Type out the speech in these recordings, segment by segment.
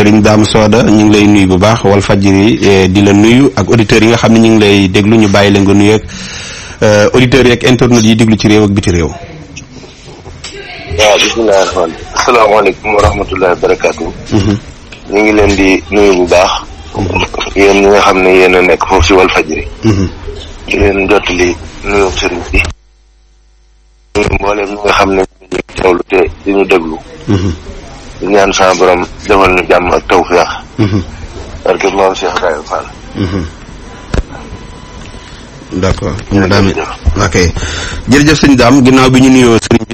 sëriñ Dame Soda ñu ngi lay nuyu bu baax wal fajiri eh, di la nuyu ak auditeurs yi nga xam ne ñu ngi lay déglu ñu bàyyi la nga nuyu ak eh, auditeurs yi ak yi déglu ci réew ak biti réew. waaw bisimilah rahmaan asalaamaaleykum wa mhm. ñu ngi leen di nuyu bu baax. yéen ñi nga xam ne yéen nekk foofu si wal fajiri. Mhm. di leen jottali nuyu sëriñ bi. mboolem ñi nga xam ne ñu teewlu te di ñu déglu. Mhm. di ñaan sama borom defal ñu jàmm ak tawfeex. Mhm. barke moom Cheikh Ibrahima Fall. Mhm. d' accord. jërëjëf ok jërëjëf sëñ Dame ginnaaw bi ñu nuyoo sëriñ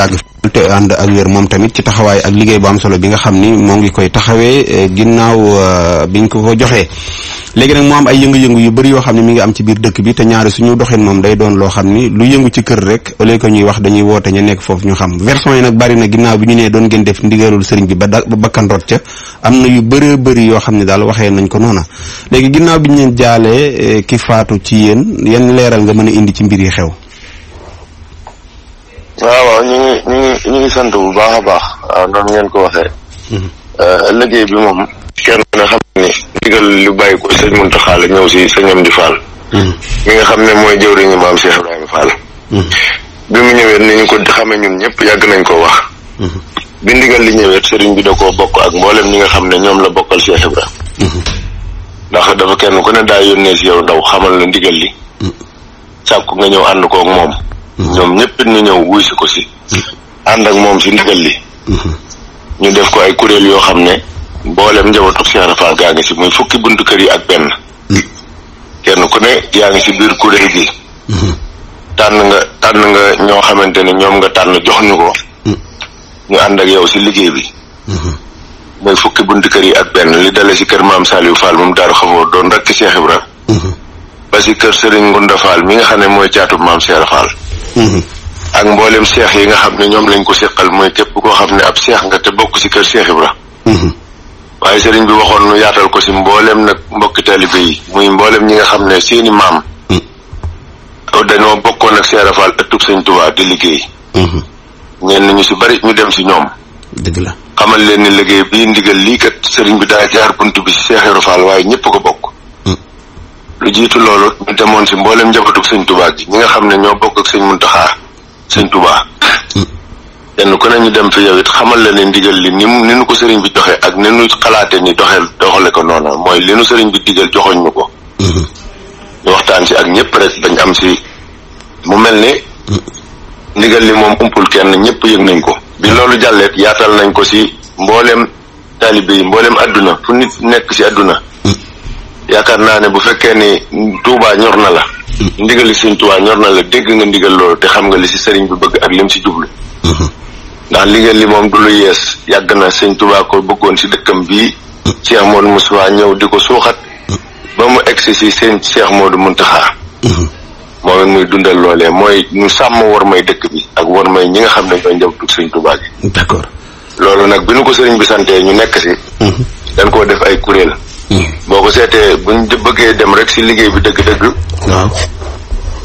yàgg te ànd ak wér moom tamit ci taxawaay ak liggéey bu am solo bi nga xam ni moo ngi koy taxawee eh, ginnaaw eh, biñ ko ko joxee léegi nag moo am ay yëngu-yëngu yu bari yoo xam ne mi ngi am ci biir dëkk bi te ñaari suñu doxin moom day doon loo xam ni lu yëngu ci kër rek au lieu ñuy wax dañuy woote ñu nekk foofu ñu xam version yi nag bari na ginnaaw bi ñu nee doon ngeen def ndigalul sëriñ bi ba bakkan rot ca am na yu bëree bëri yoo xam ne daal waxee nañ ko noona léegi ginnaaw bi ñu leen jaalee eh, ki faatu ci yéen yan leeral nga mën a indi ci mbir yi xew waaw waaw ñu ngi ñu ngi ñu ngi sant bu baax a baax waaw noonu ngeen ko waxee. Mm-hmm. Euh, liggéey bi moom kenn ku ne xam ni ndigal lu bàyyi ko sëñ Muntaxa la ñëw si sëñ Amdi Fall. Mm-hmm. mi nga xam ne mooy jëwriñu maam Cheikh Ibrahima Fall. Mm-hmm. bi mu ñëwee ni ñu ko xamee ñun ñëpp yàgg nañ koo wax. bi ndigal li ñëwee sëriñ bi da koo bokk ak mbooleem ñi nga xam ne ñoom la bokkal Cheikh Ibrahima. ndax dafa kenn ku ne daa yónnee si yow ndaw xamal la ndigal li. sàkku nga ñëw ànd koog moom. ñoom ñëpp ñu ñëw wuy si ko si ànd ak moom si ndigal li ñu def ko ay kuréel yoo xam ne mboolem njabootu Cheikh Rafal gaa ngi si muy fukki buntu kër yi ak benn kenn ku ne yaa ngi ci biir kuréel gi tànn nga tànn nga ñoo xamante ne ñoom nga tànn jox ñu ko ñu ànd ak yow si liggéey bi mooy fukki buntu kër yi ak benn li dale si kër maam Saliou Fall moom daaru xafoo doon rakk Cheikh Ibra ba si kër sëriñ Ngunda Fall mi nga xam ne mooy caatu maam Cheikh Fall Mm-hmm. ak mboolem seex yi nga xam ne ñoom lañ ko seqal mooy képp koo xam ne ab seex nga te bokk ci kër Seex la mm-hmm. waaye sëriñ bi waxoon nu yaatal ko ci mbooleem nag mbokki taalibe yi muy mbooleem ñi nga xam ne seeni maam mm-hmm. dañoo bokkoon ak Seera Faal ëttub Sëñ Tuubaa di liggéey ñenn ñu ci bari ñu dem ci ñoom dëgg la xamal leen ni liggéey bii ndigal lii kat sëriñ bi daa jaar bunt bi ci Seex Ibra waaye ñépp ko bokk lu jiitu loolu ñu demoon si mboolem njabootu sëñ tubaa ji ñi nga xam ne ñoo bokk ak sëñ muntaxaa sëñ tubaa kenn ku ne ñu dem fi yow it xamal la ne ndigal li ni ni nu ko sëriñ bi joxe ak ni nu xalaate ni doxee doxale ko noonu mooy li nu sëriñ bi digal joxoñ ñu ko mm-hmm. ñu waxtaan si ak ñëpp rek bañ am si mu mel ni mm-hmm. ndigal li moom umpul kenn ñëpp yëg nañ ko bi loolu jàlleet yaatal nañ ko si mbooleem taalibe yi mbooleem àdduna fu nekk ci àdduna yaakaar naa ne bu fekkee ni Touba ñor na la. Hmm. ndigal li sëñ ñor na la dégg nga ndigal loolu te xam nga li si sëriñ bi bëgg ak lim si jublu. Hmm. ndax liggéey li moom du lu yees yàgg na sëñ Touba ko bëggoon si dëkkam bi hmm. Cheikh Modou Moussa ñëw di ko suuxat. ba mu egsi si seen Cheikh Modou Mountakha. moom it muy dundal loolee mooy ñu sàmm war may dëkk bi ak war may ñi nga xam ne ñooy njabootu sëñ Touba gi. d'accord loolu nag bi nu ko sëriñ bi santee ñu nekk si. dañ koo def ay kuréel. boo ko seetee buñ bëggee dem rek si liggéey bi dëgg-dëgg. waaw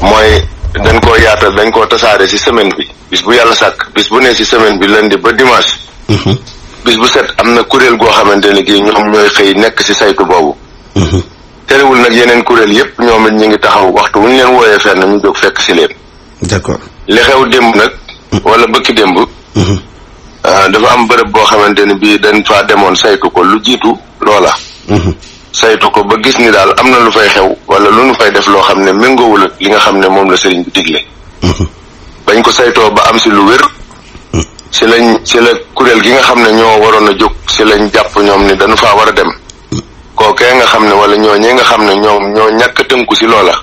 mooy dañ koo yaatal dañ koo tasaare si semaine bi bis bu yàlla sàkk bis bu nee ci semaine bi lundi ba dimanche. Mhm. bis bu set am na kuréel goo xamante ne kii ñoom ñooy xëy nekk si saytu boobu. Mhm. terewul nag yeneen kuréel yépp ñoom it ñu ngi taxaw waxtu wuñ leen wooyee fenn ñu jóg fekk si leen. d'accord li xew démb nag. Mhm. wala bëkki démb. Ah, dafa am bërëb boo xamante ne bii dañ faa demoon saytu ko lu jiitu loola. Mm-hmm. saytu ko ba gis ni daal am na lu fay xew wala lu nu fay def loo xam ne méngoowul ak li nga xam ne moom la sëriñ bi digle mm-hmm. bañ ko saytoo ba am si lu wér mm-hmm. si lañ ci la kuréel gi nga xam ne ñoo waroon a jóg si lañ jàpp ñoom ni dañu fa war a dem kookee nga xam ne wala ñoo ñee nga xam ne ñoom ñoo ñàkk tënku si loola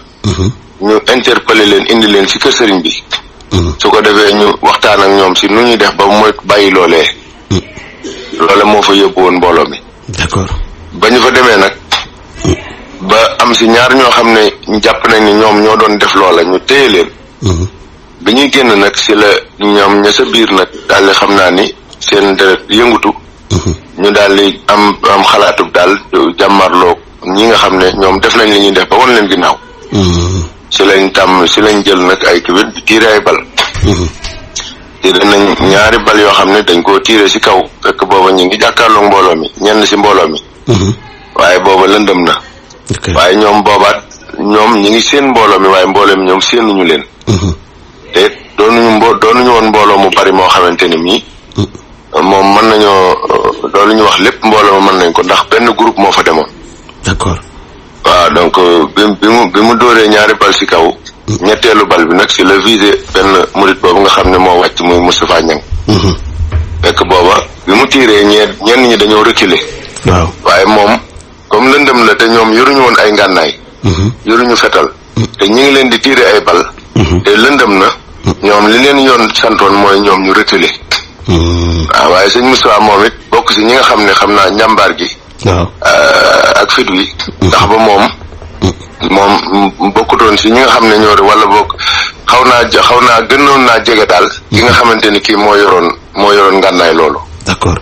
ñu interpeller leen indi leen si kër sëriñ bi su ko defee ñu waxtaan ak ñoom si nu ñuy def ba mooy bàyyi loolee loola moo fa yóbbu woon mbooloo mi ba ñu fa demee nag ba am si ñaar ñoo xam ne jàpp nañ ni ñoom ñoo doon def loola ñu téye leen mhm. bi ñuy génn nag si la ñoom ña sa biir nag daal di xam naa ni seen deret yëngutu mhm. ñu daal di am am xalaatub daal jàmmarloo ñi nga xam ne ñoom def nañ li ñuy def ba wan leen ginnaaw mhm. si lañ tàmm si lañ jël nag ay kiwit bi tiire ay bal tiire nañ ñaari bal yoo xam ne dañ koo tiire si kaw fekk booba ñu ngi jàkkaarloog mbooloo mi ñenn si mbooloo mi waaye booba lëndëm na waaye ñoom boobaat ñoom ñi ngi seen mbooloo mi waaye mbooloo mi ñoom ñu leen mhm. te doonuñu mbo doonuñu woon mbooloo mu bari moo xamante ni mii mhm. moom mën nañoo doolu ñu wax lépp mbooloo ma mën nañ ko ndax benn groupe moo fa demoon d'accord waaw donc bi bi mu bi mu dóoree ñaari bal ci kaw mhm. ñetteelu bal bi nag si la visé benn murit boobu nga xam ne moo wàcc muy Moustapha Niang fekk booba bi mu tiiree ñee ñenn ñi dañoo reculer waaw waaye moom comme lëndëm la te ñoom yoruñu woon ay ngànnaay mhm. yoruñu fetal mhm. te ñi ngi leen di tiire ay bal mhm. te lëndëm na ñoom li leen yoon santoon mooy ñoom ñu reculer waaw waaye sëñ Moustapha moom it bokk si ñi nga xam ne xam naa njàmbaar gi waaw euh, ak ndax ba moom moom bokkutoon si ñi nga xam ne ñoo wala bokk xaw naa xaw naa gënoon naa jege daal ki nga xamante ni kii moo yoroon moo yoroon ngànnaay loolu d'accord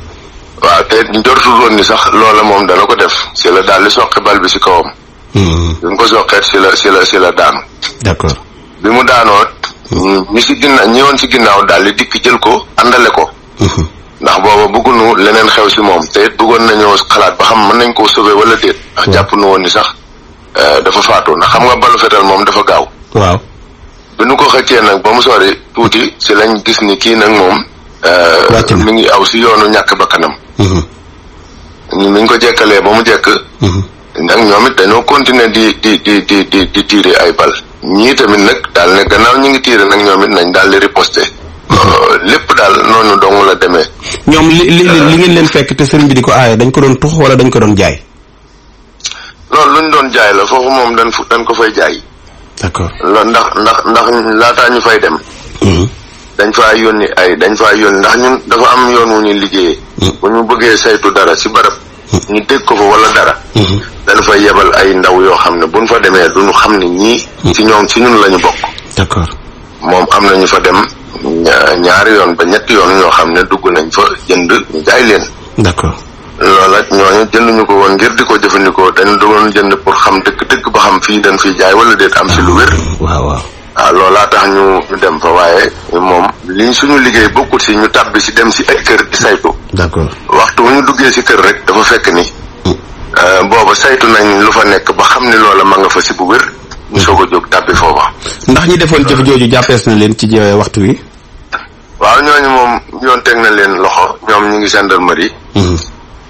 waaw te njortul woon ni sax loola moom dana ko def si la daal li soqi bal bi si kawam. Hmm. bi mu ko soqeet ci la si la si la daanu. bi mu daanoo. ñi si ginnaaw ñi woon si ginnaaw daal di dikk jël ko àndale ko. Hmm. ndax booba bëggunu leneen xew si moom te it bëggoon nañoo xalaat ba xam mën nañ koo sauver wala déet. ndax hmm. jàpp nu woon ni sax eh, dafa faatu ndax xam nga balu fetal moom dafa gaaw. waaw bi nu ko xëccee nag ba mu sori tuuti si lañ gis ni kii nag moom. Eh, mu ngi aw si yoonu ñàkk bakkanam ñun nañ ko jekkalee ba mu jekk nag ñoom it dañoo continuer di di di di di di tiire ay bal ñii tamit nag daal ne gannaaw ñu ngi tiire nag ñoom it nañ daal di riposter euh, lépp daal noonu dong la demee ñoom li li li euh. ngeen leen fekk te sëriñ bi di ko aaye dañ ko doon tux wala dañ ko doon jaay loolu lu doon jaay la foofu moom dañ dañ ko fay jaay d'accord ndax ndax ndax laataa ñu fay dem mm-hmm. dañ faa yónni ay dañ faa yónni ndax ñun dafa am yoon wu ñu liggéeyee mm-hmm. bu ñu bëggee saytu dara si barab mm-hmm. ñu dégg ko fa wala dara mm-hmm. dañ fa yebal ay ndaw yoo xam ne buñ fa demee duñu xam ne ñii ci ñoom ci ñun la bokk moom am na ñu fa dem ñaari yoon ba ñetti yoon ñoo xam ne dugg nañ fa jënd ñu jaay leen d'accord loolu nag ñooñu jënduñu ko woon ngir di ko jëfandikoo dañ doon jënd pour xam dëkk dëkk ba xam fii dañ fiy jaay wala déet am si lu wér ah, waaw waaw ah, laa tax ñu ñu dem fa waaye moom li suñu liggéey bokkul si ñu tàbbi si dem si ay kër di saytu. d'accord waxtu bu ñu duggee si kër rek dafa fekk ni. Ah, booba saytu nañ lu fa nekk ba xam ni loola ma nga fa si bu wér. ñu soog a jóg tàbbi foofa. ndax ñi defoon jëf jooju jàppees na leen ci waxtu wi. waaw ñooñu moom yoon teg na leen loxo ñoom ñu ngi gendarmerie. Mhm.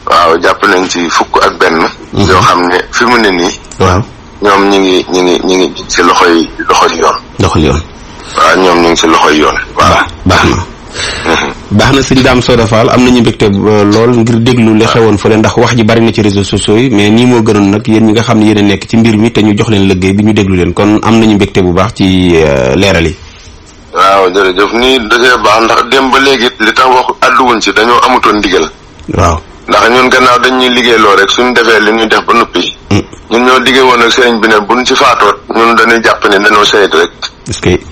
waaw jàpp nañ ci fukk ak benn. Mhm. yoo xam ne fi mu ne nii. waaw ñoom ñu ngi ñu ngi ñu ngi ci loxo loxoy yoon. doxal yoon. waaw ah, ñoom ñu si loxoy yoon. waaw baax na. Mm-hmm. baax na sëñ Dame Soda Fall am na ñu mbégte euh, lool ngir déglu li xewoon fële ndax wax ji bari na ci réseaux sociaux yi mais nii moo gënoon nag yéen ñi nga xam ne yéen nekk ci mbir mi te ñu jox leen liggéey bi ñu déglu leen kon am nañu mbégte bu baax ci euh, leeral yi. waaw jërëjëf nii dafee baax ndax dem ba léegi li tax wax àdduwuñ si dañoo amutoon ndigal. waaw ndax ñun gannaaw dañ ñuy liggéey loo rek suñu defee li ñuy def ba noppi. ñun ñoo diggee woon ak sëriñ bi ne buñ ci faatoot ñun dañuy jàpp ne dañoo sayit rek.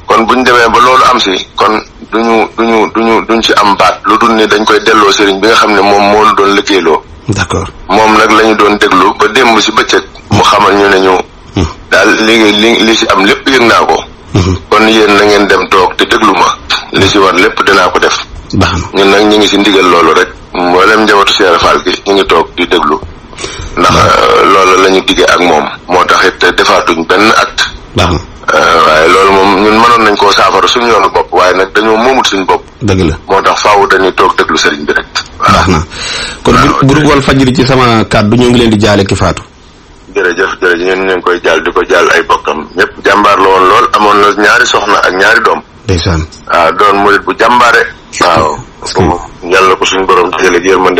kon bu que kon demee ba loolu am si kon duñu duñu duñu duñ ci am baat lu dul ni dañ koy delloo sëriñ bi nga xam ne moom moo lu doon liggéeyloo. d'accord moom nag la doon déglu ba démb si bëccëg mu xamal ñu ne ñu. Hmm. daal léegi li li si am lépp yëg naa ko. Hmm. kon yéen na ngeen dem toog te déglu ma li si war lépp dinaa ko def. baax ñun nag ñu ngi si ndigal loolu rek. mboolem njabootu Cheikh Fall gi ñu ngi toog di déglu. ndax euh, loolu la ñu diggee ak moom moo tax it defaatuñ benn at acte. Euh, waaye loolu moom ñun manoon nañ koo saafara suñu yoonu bopp waaye nag dañoo moomut suñ bopp. dëgg la moo tax faaw dañuy toog déglu sëriñ bi rek. baax na kon groupe Walfadjri ci sama kàddu ñoo ngi leen di jaale ki faatu. jërëjëf jërëjëf ñun ñu ngi koy jaal di ko jaal ay bokkam ñëpp jàmbaar la woon lool amoon na ñaari soxna ak ñaari doom. ndeysaan waaw ah, doon murit bu jàmbaare. waaw yàlla ko suñu borom dajale yërmande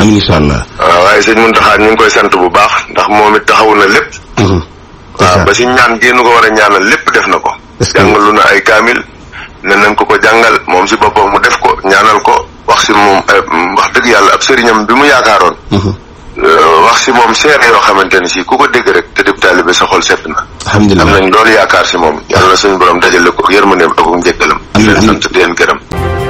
amiin incha allah. waaw waaye sëñ Mountakha ñu ngi koy sant bu baax ndax moom it taxawu na lépp. Mhm. waaw ba si ñaan génn ko war a ñaanal lépp def na ko. jàngalu na ay kaamil ne nañ ko ko jàngal moom si boppam mu def ko ñaanal ko wax si moom eh, wax dëgg yàlla ab sëriñam bi mu yaakaaroon. Mhm. Euh, wax si moom seere yoo xamante ne si ku ko dégg rek te dib taalibe sa xol sedd na. alhamdulilah am nañ loolu yaakaar si moom yàlla suñ borom dajale ko yërmandeem ak njëkkalam. amiin amiin di leen